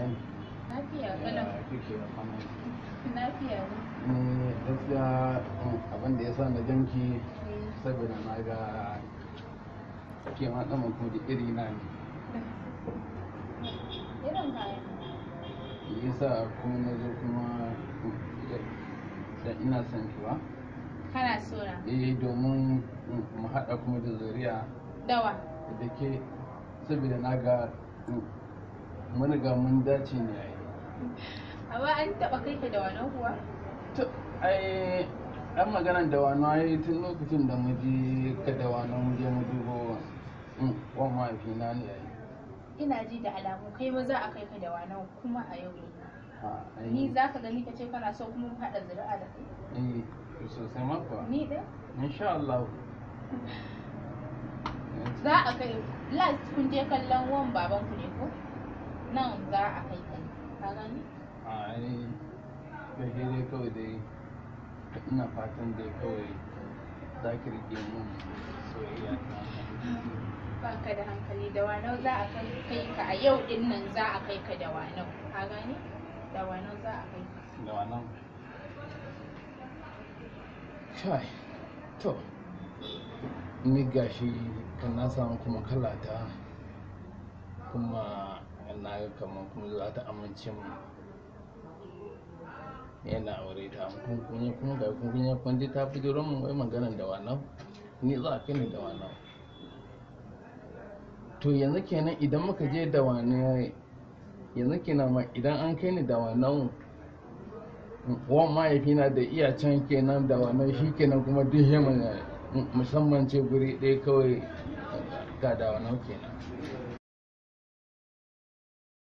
iyalai lafiya kalan kike da fama lafiya ne eh, gaskiya mm, abin da sa na janki saboda na ga ke ma dan mutum da iri na ne irin kayan sa kuma na zo kuma sai mm, ina son ki ba kana so na eh domin mm, mu haɗa kuma da zuriya dawa da ke saboda na ga mun riga mun dace ne a yi amma an taɓa kai ka da wani kuwa to ai an maganar da wani ai tun lokacin da mu je ka da wani mu je mu dubo wa mahaifina ne a yi ina ji da alamu kai ma za a kai ka da wani kuma a yau ni za ka gani ka ce kana so kuma mu haɗa zuri'a da kai eh sosai ma kuwa ni da insha Allah za a kai last kun je kallon wan baban ku ne ko nan za a kai kai ka gani a yi gaje dai kawai dai ina fatan dai kawai za ki rike mun soyayya ba ka da hankali da wanau za a kai ka a yau din nan za a kai ka da wanau ka gani da wanau za a kai ka da wanau kai to ni gashi kan na samu kuma kala ta, kuma in na ga kamar kuma za ta amince mu yana aure ta kunkunya kuma ga kunkunya kwanci ta fi jiran mu wai magana da wannan ni za a kai ni da wannan to yanzu kenan idan muka je da wani yanzu kenan ma idan an kai ni da wannan wan na da iya can kenan da wannan shi kenan kuma duk yamma musamman ce guri ɗaya kawai ga da wannan kenan